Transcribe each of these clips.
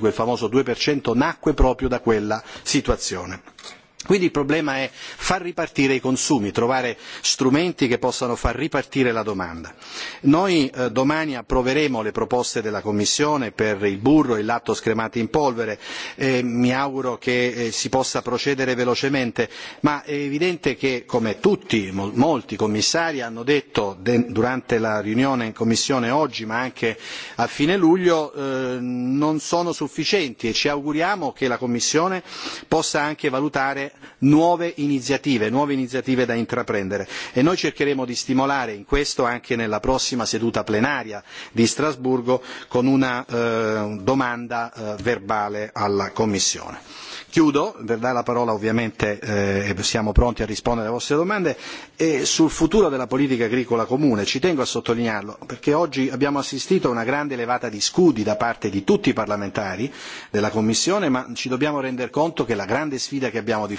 quel famoso due nacque proprio da quella situazione. Quindi il problema è far ripartire i consumi, trovare strumenti che possano far ripartire la domanda. Noi eh, domani approveremo le proposte della Commissione per il burro e il latte scremato in polvere e mi auguro che eh, si possa procedere velocemente, ma è evidente che, come tutti, mol molti commissari hanno detto durante la riunione in Commissione oggi, ma anche a fine luglio, eh, non sono sufficienti e ci auguriamo che la Commissione possa anche valutare nuove, iniziative, nuove iniziative da intraprendere e noi cercheremo di stimolare in questo anche nella prossima seduta plenaria di Strasburgo con una eh, domanda eh, verbale alla Commissione. Chiudo, per dare la parola ovviamente eh, e eh, siamo pronti a rispondere alle vostre domande, e sul futuro della politica agricola comune. Ci tengo a sottolinearlo perché oggi abbiamo assistito a una grande levata di scudi da parte di tutti i parlamentari della Commissione, ma ci dobbiamo rendere conto che la grande sfida che abbiamo di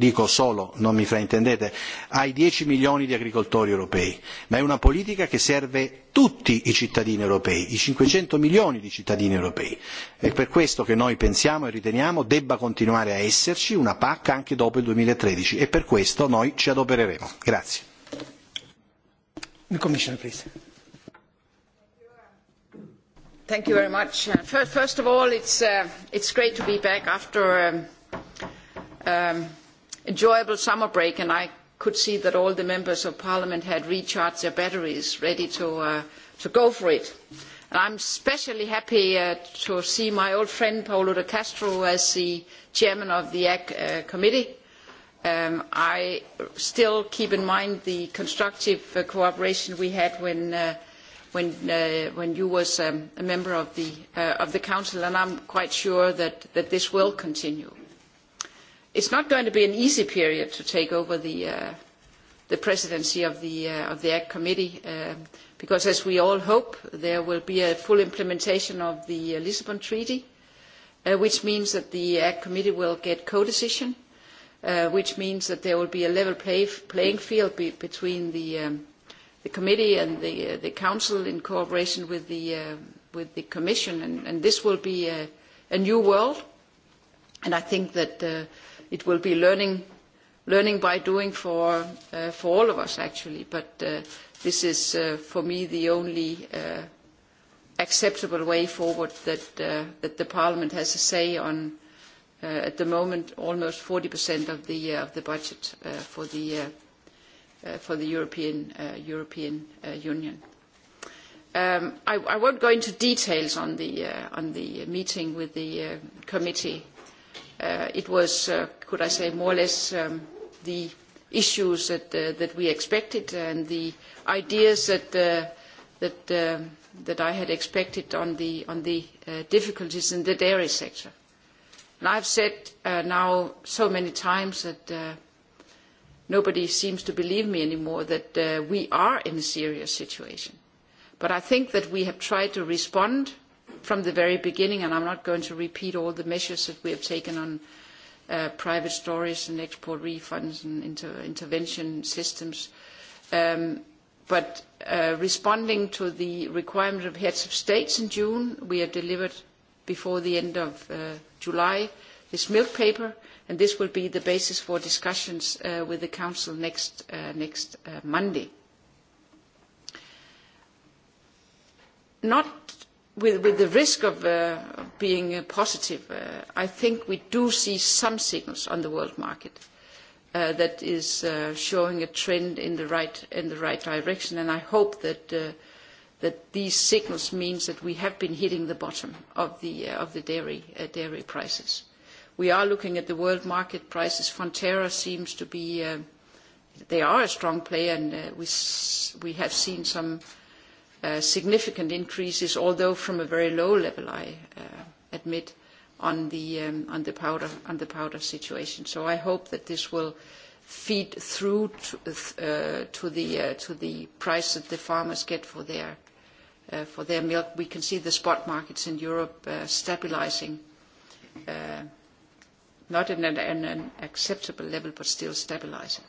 dico solo, non mi fraintendete, ai 10 milioni di agricoltori europei, ma è una politica che serve tutti i cittadini europei, i 500 milioni di cittadini europei. È per questo che noi pensiamo e riteniamo debba continuare a esserci una PAC anche dopo il 2013 e per questo noi ci adopereremo. Grazie. Thank you very much. first of all, it's, uh, it's great to be back after um, um, enjoyable summer break, and I could see that all the members of parliament had recharged their batteries, ready to, uh, to go for it. And I'm especially happy uh, to see my old friend Paolo de Castro as the chairman of the AC uh, committee. Um, I still keep in mind the constructive uh, cooperation we had when, uh, when, uh, when you was um, a member of the, uh, of the council, and I'm quite sure that, that this will continue it's not going to be an easy period to take over the, uh, the presidency of the, uh, of the ACT committee um, because as we all hope there will be a full implementation of the uh, Lisbon Treaty uh, which means that the ACT committee will get co-decision uh, which means that there will be a level play, playing field be, between the, um, the committee and the, uh, the council in cooperation with the, um, with the commission and, and this will be a, a new world and I think that it will be learning, learning by doing for, uh, for all of us, actually. But uh, this is, uh, for me, the only uh, acceptable way forward that, uh, that the Parliament has a say on, uh, at the moment, almost 40% of the, uh, of the budget uh, for the, uh, uh, for the European, uh, European uh, Union. Um, I, I won't go into details on the, uh, on the meeting with the uh, committee Uh, it was, uh, could I say, more or less um, the issues that, uh, that we expected and the ideas that, that, that I had expected on the, on the difficulties in the dairy sector. And I've said now so many times that nobody seems to believe me anymore that uh, we are in a serious situation. But I think that we have tried to respond from the very beginning, and I'm not going to repeat all the measures that we have taken on uh, private storage and export refunds and intervention systems. Um, but uh, responding to the requirement of heads of states in June, we have delivered before the end of uh, July this milk paper, and this will be the basis for discussions with the Council next, Monday. Not with, with the risk of uh, being uh, positive, uh, I think we do see some signals on the world market uh, that is uh, showing a trend in the right in the right direction, and I hope that uh, that these signals means that we have been hitting the bottom of the of the dairy dairy prices. We are looking at the world market prices. Fonterra seems to be they are a strong player, and we we have seen some Uh, significant increases, although from a very low level, I uh, admit, on the, um, on, the powder, on the powder situation. So I hope that this will feed through to, uh, to, the, uh, to the price that the farmers get for their, uh, for their milk. We can see the spot markets in Europe stabilizing not at an, an acceptable level, but still stabilizing.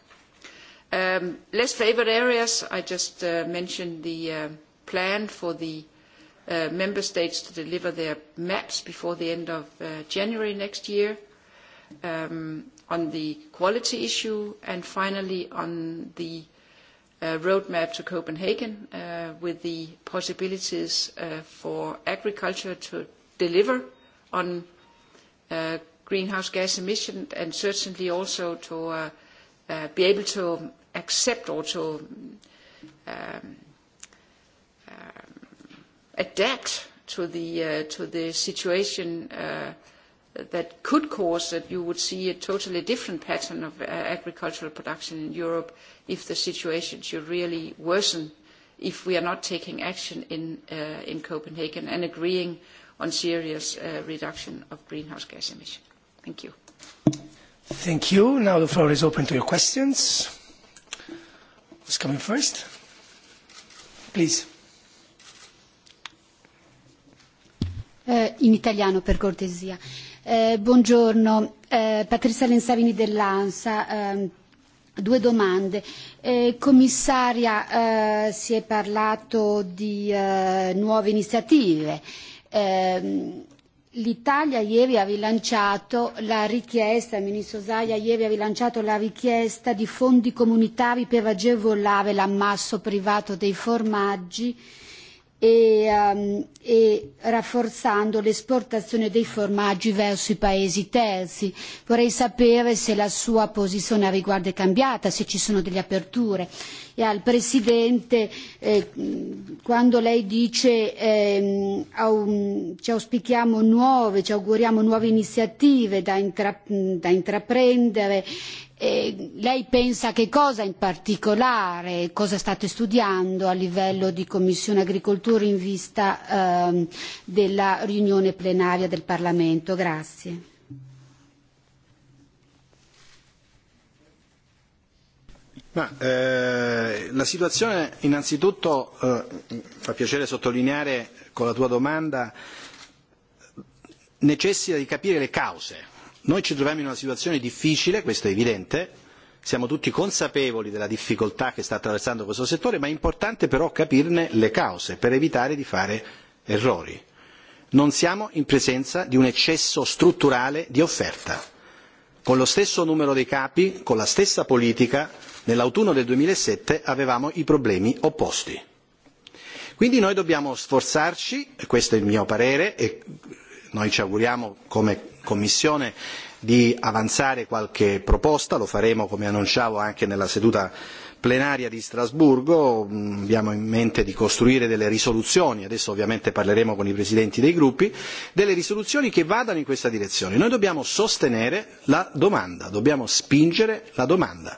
Um, less favored areas, I just uh, mentioned the, uh, plan for the uh, member states to deliver their maps before the end of uh, January next year, um, on the quality issue, and finally on the uh, roadmap to Copenhagen uh, with the possibilities uh, for agriculture to deliver on uh, greenhouse gas emission and certainly also to uh, uh, be able to accept or to um, adapt to the, uh, to the situation uh, that could cause that you would see a totally different pattern of uh, agricultural production in Europe if the situation should really worsen if we are not taking action in, uh, in Copenhagen and agreeing on serious uh, reduction of greenhouse gas emissions. Thank you. Thank you. Now the floor is open to your questions. Who's coming first? Please. in italiano per cortesia. Eh, buongiorno, eh, Patrizia Lensavini dell'ANSA. Eh, due domande. Eh, commissaria, eh, si è parlato di eh, nuove iniziative. Eh, L'Italia ieri ha rilanciato la richiesta, il ministro Zaia ieri ha rilanciato la richiesta di fondi comunitari per agevolare l'ammasso privato dei formaggi eh, e, um, e rafforzando l'esportazione dei formaggi verso i paesi terzi. Vorrei sapere se la sua posizione a riguardo è cambiata, se ci sono delle aperture. E al Presidente, eh, quando lei dice eh, au, ci auspichiamo nuove, ci auguriamo nuove iniziative da, intra, da intraprendere Eh, lei pensa che cosa in particolare, cosa state studiando a livello di Commissione Agricoltura in vista ehm, della riunione plenaria del Parlamento? Grazie. Ma, eh, la situazione innanzitutto eh, fa piacere sottolineare con la tua domanda necessita di capire le cause Noi ci troviamo in una situazione difficile, questo è evidente, siamo tutti consapevoli della difficoltà che sta attraversando questo settore, ma è importante però capirne le cause per evitare di fare errori. Non siamo in presenza di un eccesso strutturale di offerta. Con lo stesso numero dei capi, con la stessa politica, nell'autunno del 2007 avevamo i problemi opposti. Quindi noi dobbiamo sforzarci, e questo è il mio parere, e Noi ci auguriamo come Commissione di avanzare qualche proposta, lo faremo come annunciavo anche nella seduta plenaria di Strasburgo, mm, abbiamo in mente di costruire delle risoluzioni, adesso ovviamente parleremo con i presidenti dei gruppi, delle risoluzioni che vadano in questa direzione. Noi dobbiamo sostenere la domanda, dobbiamo spingere la domanda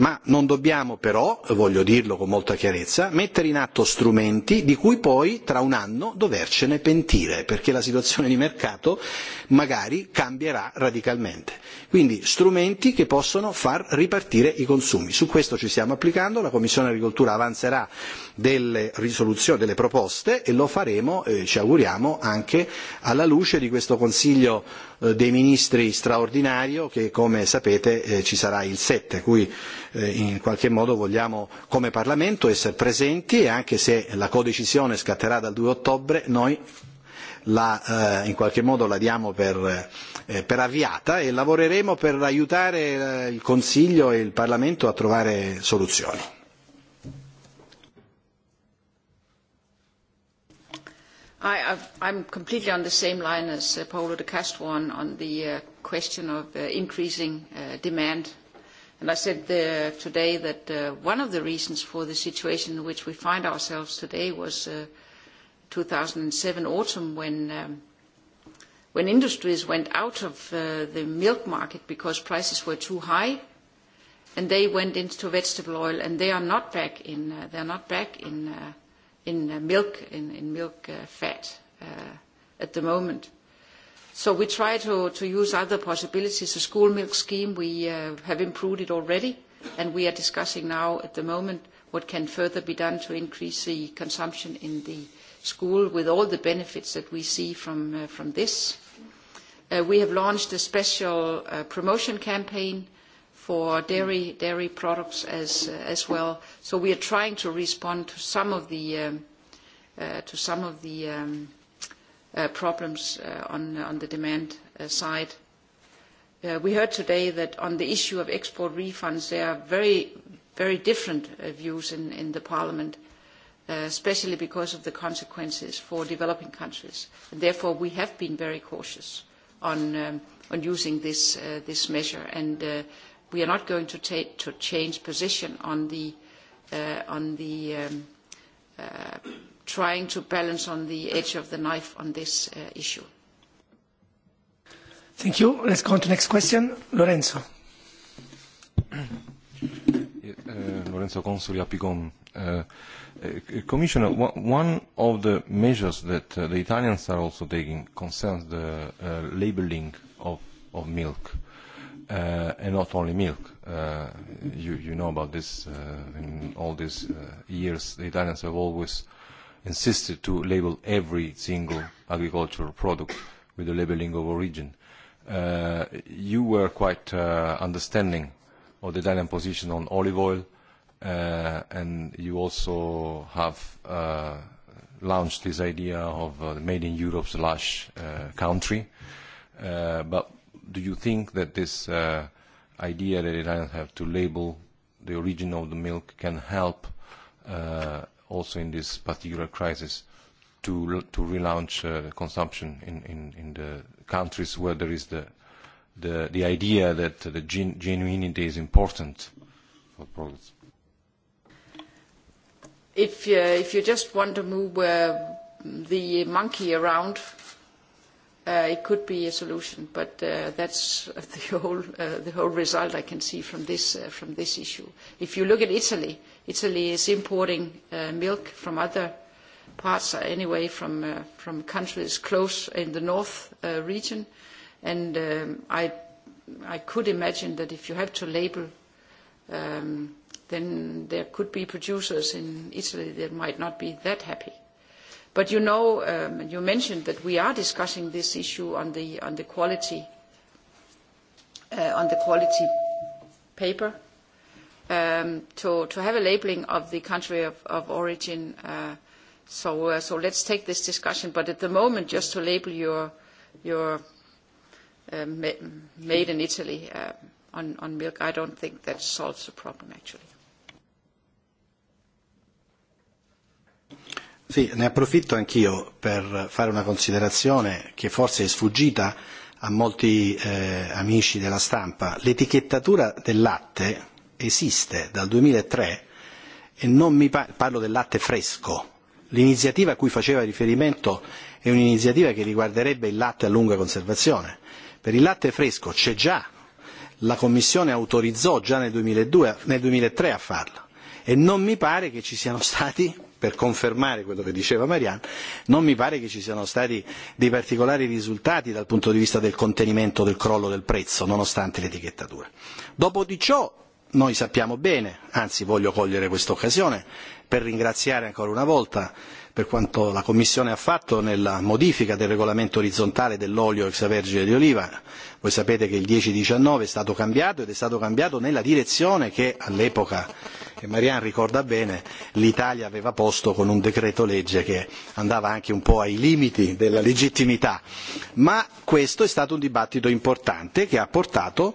ma non dobbiamo però, voglio dirlo con molta chiarezza, mettere in atto strumenti di cui poi tra un anno dovercene pentire, perché la situazione di mercato magari cambierà radicalmente. Quindi strumenti che possono far ripartire i consumi. Su questo ci stiamo applicando, la Commissione Agricoltura avanzerà delle risoluzioni, delle proposte e lo faremo, eh, ci auguriamo, anche alla luce di questo Consiglio Eh, dei ministri straordinario che come sapete eh, ci sarà il 7, cui eh, in qualche modo vogliamo come Parlamento essere presenti e anche se la codecisione scatterà dal 2 ottobre noi la, eh, in qualche modo la diamo per, eh, per avviata e lavoreremo per aiutare il Consiglio e il Parlamento a trovare soluzioni. I, I'm completely on the same line as uh, Paolo de Castro on, on the uh, question of uh, increasing uh, demand. And I said the, today that uh, one of the reasons for the situation in which we find ourselves today was uh, 2007 autumn when, um, when industries went out of uh, the milk market because prices were too high and they went into vegetable oil and they are not back in, uh, they're not back in uh, in uh, milk, in, in milk uh, fat uh, at the moment. So we try to, to use other possibilities. The school milk scheme, we uh, have improved it already, and we are discussing now at the moment what can further be done to increase the consumption in the school with all the benefits that we see from, uh, from this. Uh, we have launched a special uh, promotion campaign uh, for dairy, products uh, as, well. So we are trying to respond to some of the, um, uh, to some of the um, uh, problems on, on the demand side. We heard today that on the issue of export refunds, there are very, very different views in, in the parliament, especially because of the consequences for developing countries. And therefore, we have been very cautious on, um, on using this, this measure. And we are not going to, take, to change position on the, uh, on the um, uh, trying to balance on the edge of the knife on this uh, issue. Thank you. Let's go on to the next question. Lorenzo. Uh, Lorenzo Consoli, Apicom. Uh, uh, Commissioner, one of the measures that uh, the Italians are also taking concerns the uh, of, of milk. Uh, uh, and not only milk. Uh, you, you know about this uh, in all these uh, years. The Italians have always insisted to label every single agricultural product with the labeling of origin. Uh, you were quite uh, understanding of the Italian position on olive oil, uh, and you also have uh, launched this idea of uh, made in Europe slash uh, country. Uh, but do you think that this uh, idea that it doesn't have to label the origin of the milk can help uh, also in this particular crisis to to relaunch uh, consumption in, in, in the countries where there is the the, the idea that the gen genuinity is important for products? If, uh, if you just want to move uh, the monkey around Uh, it could be a solution, but uh, that's uh, the whole, uh, the whole result I can see from this, uh, from this issue. If you look at Italy, Italy is importing uh, milk from other parts, uh, anyway, from, uh, from countries close in the north uh, region. And um, I, I could imagine that if you have to label, um, then there could be producers in Italy that might not be that happy But you know, um, you mentioned that we are discussing this issue on the, uh, quality paper um, to, have a labeling of the country of, origin. Uh, so, uh, so let's take this discussion. But at the moment, just to label your, uh, made in Italy on, on milk, I don't think that solves the problem actually. Sì, ne approfitto anch'io per fare una considerazione che forse è sfuggita a molti eh, amici della stampa. L'etichettatura del latte esiste dal 2003 e non mi par- parlo del latte fresco. L'iniziativa a cui faceva riferimento è un'iniziativa che riguarderebbe il latte a lunga conservazione. Per il latte fresco c'è già, la Commissione autorizzò già nel, 2002, nel 2003 a farlo e non mi pare che ci siano stati per confermare quello che diceva Marianne, non mi pare che ci siano stati dei particolari risultati dal punto di vista del contenimento del crollo del prezzo, nonostante l'etichettatura. Dopo di ciò noi sappiamo bene, anzi voglio cogliere questa occasione per ringraziare ancora una volta per quanto la Commissione ha fatto nella modifica del regolamento orizzontale dell'olio extravergine di oliva. Voi sapete che il 10-19 è stato cambiato ed è stato cambiato nella direzione che all'epoca, che Marianne ricorda bene, l'Italia aveva posto con un decreto legge che andava anche un po' ai limiti della legittimità. Ma questo è stato un dibattito importante che ha portato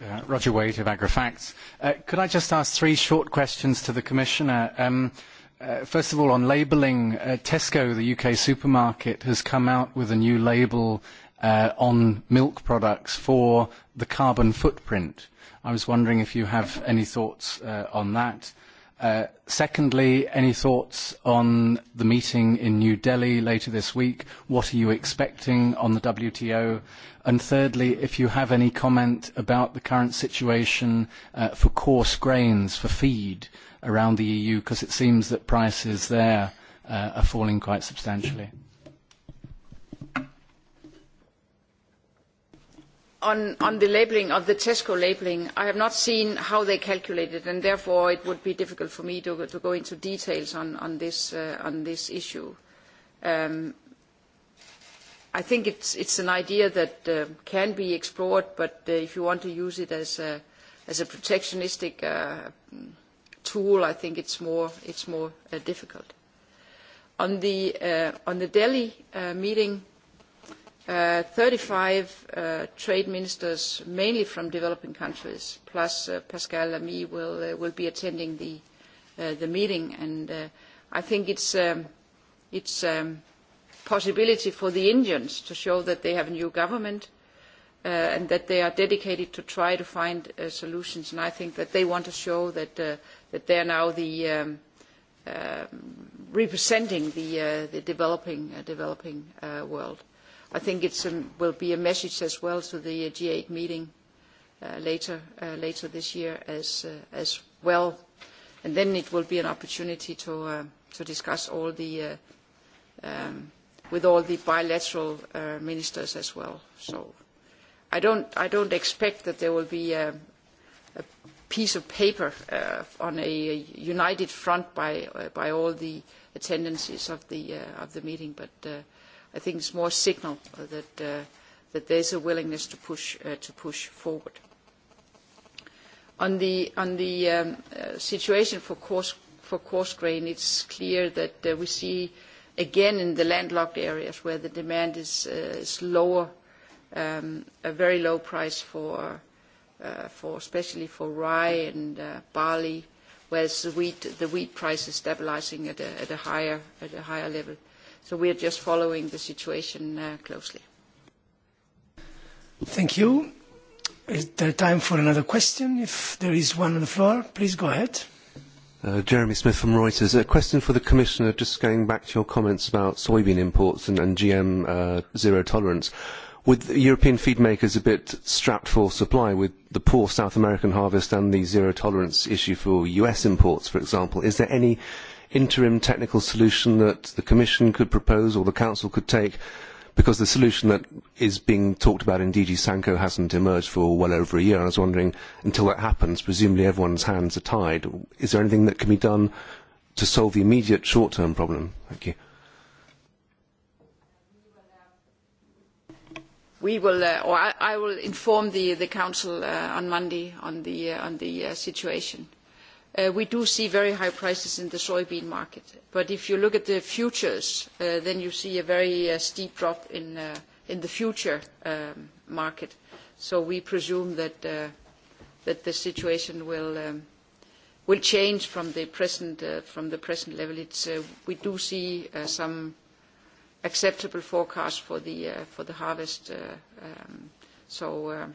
Uh, Roger Wade of AgriFacts. Uh, could I just ask three short questions to the Commissioner? Um, uh, first of all, on labelling, uh, Tesco, the UK supermarket, has come out with a new label uh, on milk products for the carbon footprint. I was wondering if you have any thoughts on that. Uh, secondly, any thoughts on the meeting in New Delhi later this week? What are you expecting on the WTO? And thirdly, if you have any comment about the current situation uh, for coarse grains, for feed around the EU, because it seems that prices there uh, are falling quite substantially. on, on the labelling of the Tesco labelling, I have not seen how they calculate it, and therefore it would be difficult for me to, to go into details on, on, this, uh, on this issue. Um, I think it's, it's an idea that uh, can be explored, but uh, if you want to use it as a, as a protectionistic uh, tool, I think it's more, it's more uh, difficult. On the, uh, on the Delhi uh, meeting, 35 uh, uh, trade ministers, mainly from developing countries, plus uh, Pascal Lamy will, uh, will be attending the, uh, the meeting. And I think it's um, it's um, possibility for the Indians to show that they have a new government and that they are dedicated to try to find solutions. And I think that they want to show that that they are now the um, um representing the, the developing, developing world. I think it um, will be a message as well to the uh, G8 meeting uh, later, uh, later this year as, uh, as well. And then it will be an opportunity to, uh, to discuss all the, uh, um, with all the bilateral uh, ministers as well. So I don't, I don't expect that there will be a, uh, a piece of paper uh, on a united front by, uh, by all the attendances of the, uh, of the meeting, but uh, I think it's more a signal that, uh, that there's a willingness to push, uh, to push forward. On the, on the um, uh, situation for coarse, for coarse grain, it's clear that uh, we see again in the landlocked areas where the demand is, uh, is lower, um, a very low price for, uh, for especially for rye and uh, barley, whereas the wheat, the wheat price is stabilizing at a, at a, higher, at a higher level. So we are just following the situation uh, closely. Thank you. Is there time for another question? If there is one on the floor, please go ahead. Uh, Jeremy Smith from Reuters. A question for the Commissioner, just going back to your comments about soybean imports and, and GM uh, zero tolerance. With European feed makers a bit strapped for supply with the poor South American harvest and the zero tolerance issue for US imports, for example, is there any interim technical solution that the Commission could propose or the Council could take because the solution that is being talked about in DG Sanko hasn't emerged for well over a year. I was wondering, until that happens, presumably everyone's hands are tied. Is there anything that can be done to solve the immediate short-term problem? Thank you. We will, uh, or I, I will inform the, the Council uh, on Monday on the, uh, on the uh, situation Uh, we do see very high prices in the soybean market. But if you look at the futures, uh, then you see a very uh, steep drop in, uh, in the future um, market. So we presume that, uh, that the situation will, um, will change from the present, from the present level. It's, we do see some acceptable forecasts for the, for the harvest. Um, so um,